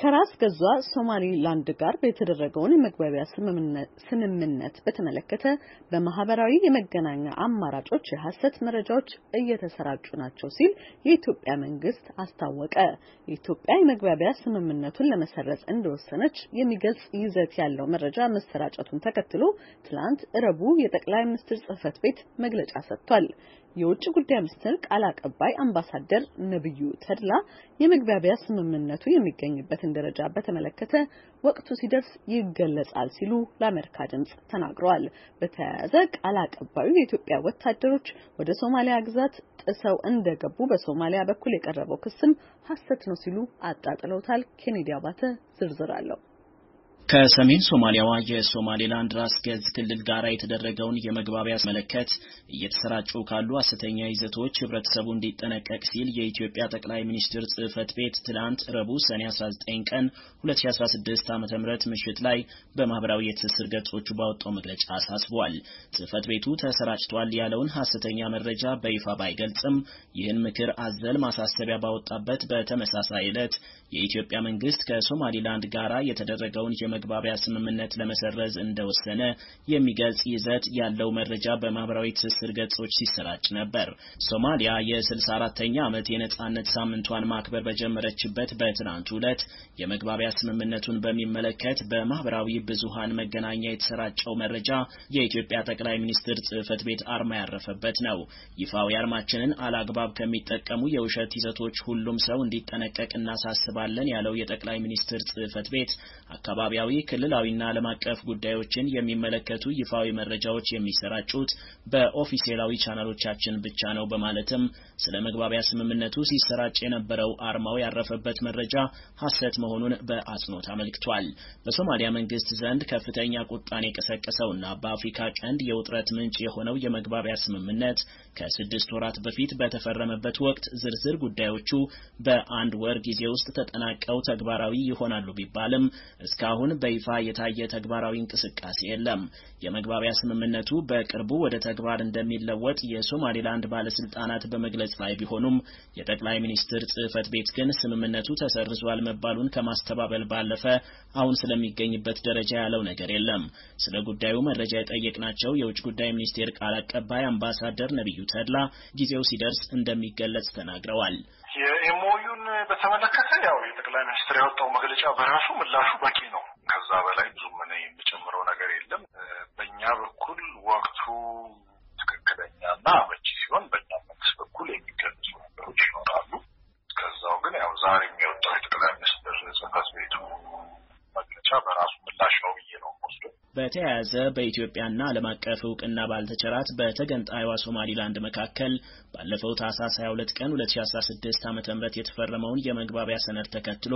ከራስ ገዟ ሶማሊላንድ ጋር የተደረገውን የመግባቢያ ስምምነት በተመለከተ በማህበራዊ የመገናኛ አማራጮች የሐሰት መረጃዎች እየተሰራጩ ናቸው ሲል የኢትዮጵያ መንግስት አስታወቀ። የኢትዮጵያ የመግባቢያ ስምምነቱን ለመሰረጽ እንደወሰነች የሚገልጽ ይዘት ያለው መረጃ መሰራጨቱን ተከትሎ ትላንት እረቡ የጠቅላይ ሚኒስትር ጽህፈት ቤት መግለጫ ሰጥቷል። የውጭ ጉዳይ ሚኒስትር ቃል አቀባይ አምባሳደር ነብዩ ተድላ የመግባቢያ ስምምነቱ የሚገኝበትን ደረጃ በተመለከተ ወቅቱ ሲደርስ ይገለጻል ሲሉ ለአሜሪካ ድምጽ ተናግረዋል። በተያያዘ ቃል አቀባዩ የኢትዮጵያ ወታደሮች ወደ ሶማሊያ ግዛት ጥሰው እንደገቡ በሶማሊያ በኩል የቀረበው ክስም ሐሰት ነው ሲሉ አጣጥለውታል። ኬኔዲ አባተ ዝርዝር አለው። ከሰሜን ሶማሊያዋ የሶማሌላንድ ራስ ገዝ ክልል ጋር የተደረገውን የመግባቢያ አስመለከት እየተሰራጩ ካሉ ሐሰተኛ ይዘቶች ህብረተሰቡ እንዲጠነቀቅ ሲል የኢትዮጵያ ጠቅላይ ሚኒስትር ጽህፈት ቤት ትናንት ረቡዕ ሰኔ 19 ቀን 2016 ዓ ም ምሽት ላይ በማህበራዊ የትስስር ገጾቹ ባወጣው መግለጫ አሳስቧል። ጽህፈት ቤቱ ተሰራጭቷል ያለውን ሐሰተኛ መረጃ በይፋ ባይገልጽም ይህን ምክር አዘል ማሳሰቢያ ባወጣበት በተመሳሳይ ዕለት የኢትዮጵያ መንግስት ከሶማሌላንድ ጋራ የተደረገውን የመግባቢያ ስምምነት ለመሰረዝ እንደወሰነ የሚገልጽ ይዘት ያለው መረጃ በማህበራዊ ትስስር ገጾች ሲሰራጭ ነበር። ሶማሊያ የ64ተኛ ዓመት የነጻነት ሳምንቷን ማክበር በጀመረችበት በትናንት ዕለት የመግባቢያ ስምምነቱን በሚመለከት በማህበራዊ ብዙሃን መገናኛ የተሰራጨው መረጃ የኢትዮጵያ ጠቅላይ ሚኒስትር ጽህፈት ቤት አርማ ያረፈበት ነው። ይፋዊ አርማችንን አላግባብ ከሚጠቀሙ የውሸት ይዘቶች ሁሉም ሰው እንዲጠነቀቅ እናሳስባለን ያለው የጠቅላይ ሚኒስትር ጽህፈት ቤት አካባቢያዊ ብሔራዊ ክልላዊና ዓለም አቀፍ ጉዳዮችን የሚመለከቱ ይፋዊ መረጃዎች የሚሰራጩት በኦፊሴላዊ ቻናሎቻችን ብቻ ነው በማለትም ስለ መግባቢያ ስምምነቱ ሲሰራጭ የነበረው አርማው ያረፈበት መረጃ ሐሰት መሆኑን በአጽንኦት አመልክቷል። በሶማሊያ መንግስት ዘንድ ከፍተኛ ቁጣን የቀሰቀሰውና በአፍሪካ ቀንድ የውጥረት ምንጭ የሆነው የመግባቢያ ስምምነት ከስድስት ወራት በፊት በተፈረመበት ወቅት ዝርዝር ጉዳዮቹ በአንድ ወር ጊዜ ውስጥ ተጠናቀው ተግባራዊ ይሆናሉ ቢባልም እስካሁን በይፋ የታየ ተግባራዊ እንቅስቃሴ የለም። የመግባቢያ ስምምነቱ በቅርቡ ወደ ተግባር እንደሚለወጥ የሶማሌላንድ ባለስልጣናት በመግለጽ ላይ ቢሆኑም የጠቅላይ ሚኒስትር ጽህፈት ቤት ግን ስምምነቱ ተሰርዟል መባሉን ከማስተባበል ባለፈ አሁን ስለሚገኝበት ደረጃ ያለው ነገር የለም። ስለ ጉዳዩ መረጃ የጠየቅናቸው የውጭ ጉዳይ ሚኒስቴር ቃል አቀባይ አምባሳደር ነቢዩ ተድላ ጊዜው ሲደርስ እንደሚገለጽ ተናግረዋል። የኤምኦዩን በተመለከተ ያው የጠቅላይ ሚኒስትር ያወጣው መግለጫ በራሱ ምላሹ በቂ ነው። ከዛ በላይ ብዙ ምን የምጨምረው ነገር የለም። በእኛ በኩል ወቅቱ በተያያዘ በኢትዮጵያና ዓለም አቀፍ እውቅና ባልተቸራት በተገንጣይዋ ሶማሊላንድ መካከል ባለፈው ታህሳስ 22 ቀን 2016 ዓ.ም የተፈረመውን የመግባቢያ ሰነድ ተከትሎ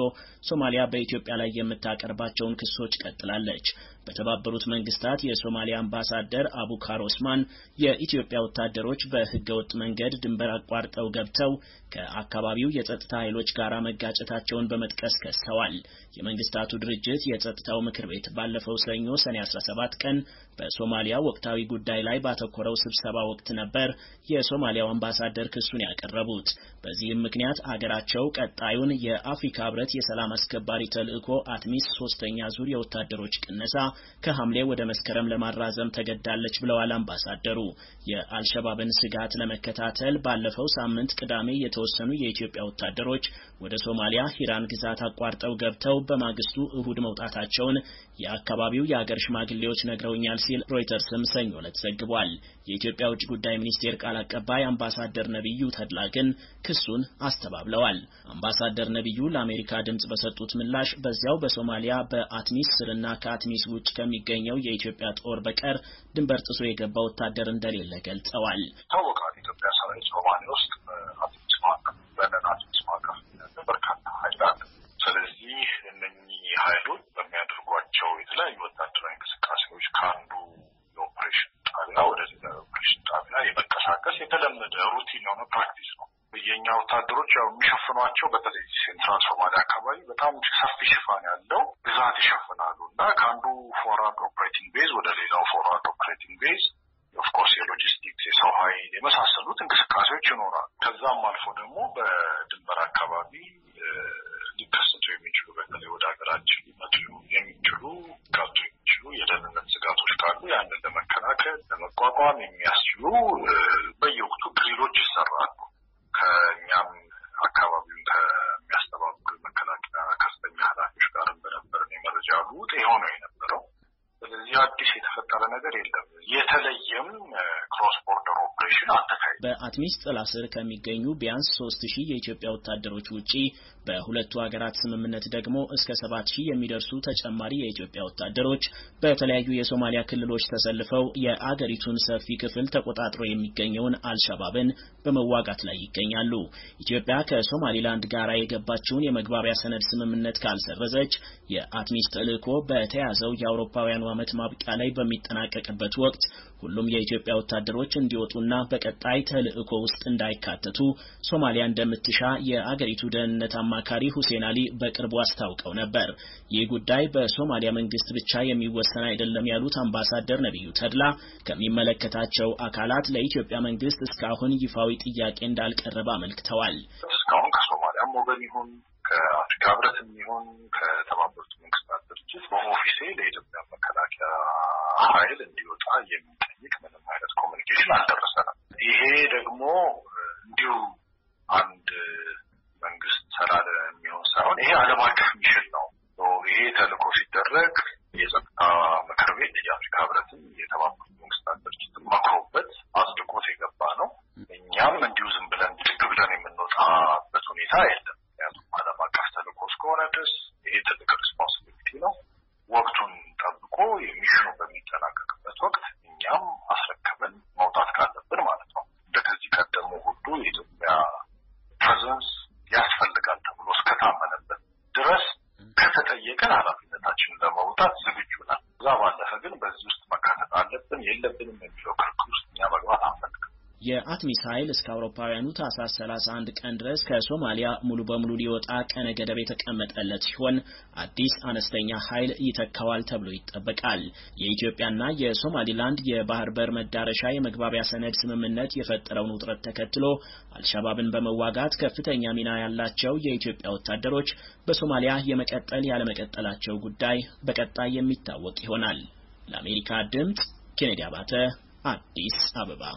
ሶማሊያ በኢትዮጵያ ላይ የምታቀርባቸውን ክሶች ቀጥላለች። በተባበሩት መንግስታት የሶማሊያ አምባሳደር አቡካር ኦስማን የኢትዮጵያ ወታደሮች በህገወጥ መንገድ ድንበር አቋርጠው ገብተው ከአካባቢው የጸጥታ ኃይሎች ጋር መጋጨታቸውን በመጥቀስ ከሰዋል። የመንግስታቱ ድርጅት የጸጥታው ምክር ቤት ባለፈው ሰኞ ሰኔ 17 ቀን በሶማሊያ ወቅታዊ ጉዳይ ላይ ባተኮረው ስብሰባ ወቅት ነበር የሶማሊያው አምባሳደር ክሱን ያቀረቡት። በዚህም ምክንያት አገራቸው ቀጣዩን የአፍሪካ ህብረት የሰላም አስከባሪ ተልዕኮ አትሚስ ሶስተኛ ዙር የወታደሮች ቅነሳ ከሐምሌ ወደ መስከረም ለማራዘም ተገዳለች ብለዋል አምባሳደሩ። የአልሸባብን ስጋት ለመከታተል ባለፈው ሳምንት ቅዳሜ የተወሰኑ የኢትዮጵያ ወታደሮች ወደ ሶማሊያ ሂራን ግዛት አቋርጠው ገብተው በማግስቱ እሁድ መውጣታቸውን የአካባቢው የአገር ሽማግሌዎች ነግረውኛል ሲል ሮይተርስም ሰኞ ዕለት ዘግቧል። የኢትዮጵያ ውጭ ጉዳይ ሚኒስቴር ቃል አቀባይ አምባሳደር ነቢዩ ተድላ ግን ክሱን አስተባብለዋል። አምባሳደር ነቢዩ ለአሜሪካ ድምጽ በሰጡት ምላሽ በዚያው በሶማሊያ በአትሚስ ስርና ከአትሚስ ውጭ ከሚገኘው የኢትዮጵያ ጦር በቀር ድንበር ጥሶ የገባ ወታደር እንደሌለ ገልጸዋል። ይታወቃል የኢትዮጵያ ሰራዊት ሶማሌ ውስጥ አቶች ማዕቀፍ በለን አቶች ማዕቀፍ በርካታ ሀይል አለ። ስለዚህ እነኚህ ሀይሎች በሚያደርጓቸው የተለያዩ ወታደራዊ እንቅስቃሴዎች ከአንዱ የኦፕሬሽን ጣቢያ ወደ ሌላ የኦፕሬሽን ጣቢያ የመንቀሳቀስ የተለመደ ሩቲን የሆነ ፕራክቲስ ነው። የእኛ ወታደሮች ያው የሚሸፍኗቸው በተለይ ሴንትራል ሶማሊያ አካባቢ በጣም ሰፊ ሽፋን ያለው ብዛት ይሸፍናል። እና ከአንዱ ፎርዋርድ ኦፕሬቲንግ ቤዝ ወደ ሌላው ፎርዋርድ ኦፕሬቲንግ ቤዝ ኦፍኮርስ የሎጂስቲክስ የሰው ኃይል የመሳሰሉት እንቅስቃሴዎች ይኖራሉ። ከዛም አልፎ ደግሞ በድንበር አካባቢ ሊከሰቱ የሚችሉ በተለይ ወደ ሀገራችን ሊመጡ የሚችሉ ሊጋጡ የሚችሉ የደህንነት ስጋቶች ካሉ ያንን ለመከላከል ለመቋቋም የሚያስ ይኸው ነው የነበረው። ስለዚህ አዲስ የተፈጠረ ነገር የለም። የተለየም ክሮስ ቦርደሩ በአትሚስ ጥላ ስር ከሚገኙ ቢያንስ ሶስት ሺህ የኢትዮጵያ ወታደሮች ውጪ በሁለቱ ሀገራት ስምምነት ደግሞ እስከ ሰባት ሺህ የሚደርሱ ተጨማሪ የኢትዮጵያ ወታደሮች በተለያዩ የሶማሊያ ክልሎች ተሰልፈው የአገሪቱን ሰፊ ክፍል ተቆጣጥሮ የሚገኘውን አልሸባብን በመዋጋት ላይ ይገኛሉ። ኢትዮጵያ ከሶማሊላንድ ጋር የገባችውን የመግባቢያ ሰነድ ስምምነት ካልሰረዘች የአትሚስ ተልዕኮ በተያዘው የአውሮፓውያኑ ዓመት ማብቂያ ላይ በሚጠናቀቅበት ወቅት ሁሉም የኢትዮጵያ ወታደሮች እንዲወጡና እና በቀጣይ ተልዕኮ ውስጥ እንዳይካተቱ ሶማሊያ እንደምትሻ የአገሪቱ ደህንነት አማካሪ ሁሴን አሊ በቅርቡ አስታውቀው ነበር። ይህ ጉዳይ በሶማሊያ መንግስት ብቻ የሚወሰን አይደለም ያሉት አምባሳደር ነቢዩ ተድላ ከሚመለከታቸው አካላት ለኢትዮጵያ መንግስት እስካሁን ይፋዊ ጥያቄ እንዳልቀረበ አመልክተዋል። እስካሁን ከሶማሊያም ወገን ይሁን ከአፍሪካ ህብረትም ይሁን ከተባበሩት መንግስታት ድርጅት በኦፊሴ ለኢትዮጵያ መከላከያ ኃይል እንዲወጣ የሚጠይቅ ምንም አይነት ኮሚኒኬሽን አልደረሰንም። ይሄ ደግሞ እንዲሁ አንድ መንግስት ሰራ የሚሆን ሳይሆን ይሄ ዓለም አቀፍ ሚሽን ነው። ይሄ ተልእኮ ሲደረግ የጸጥታ ምክር ቤት የአፍሪካ ህብረትም የተባበሩት መንግስታት ድርጅትም መክሮበት አጽድቆት የገባ ነው። እኛም እንዲሁ ዝም ብለን ድግ ብለን የምንወጣበት ሁኔታ የለም። presence የመዓት ሚሳይል እስከ አውሮፓውያኑ ታህሳስ 31 ቀን ድረስ ከሶማሊያ ሙሉ በሙሉ ሊወጣ ቀነ ገደብ የተቀመጠለት ሲሆን አዲስ አነስተኛ ኃይል ይተካዋል ተብሎ ይጠበቃል። የኢትዮጵያና የሶማሊላንድ የባህር በር መዳረሻ የመግባቢያ ሰነድ ስምምነት የፈጠረውን ውጥረት ተከትሎ አልሻባብን በመዋጋት ከፍተኛ ሚና ያላቸው የኢትዮጵያ ወታደሮች በሶማሊያ የመቀጠል ያለመቀጠላቸው ጉዳይ በቀጣይ የሚታወቅ ይሆናል። ለአሜሪካ ድምፅ ኬኔዲ አባተ አዲስ አበባ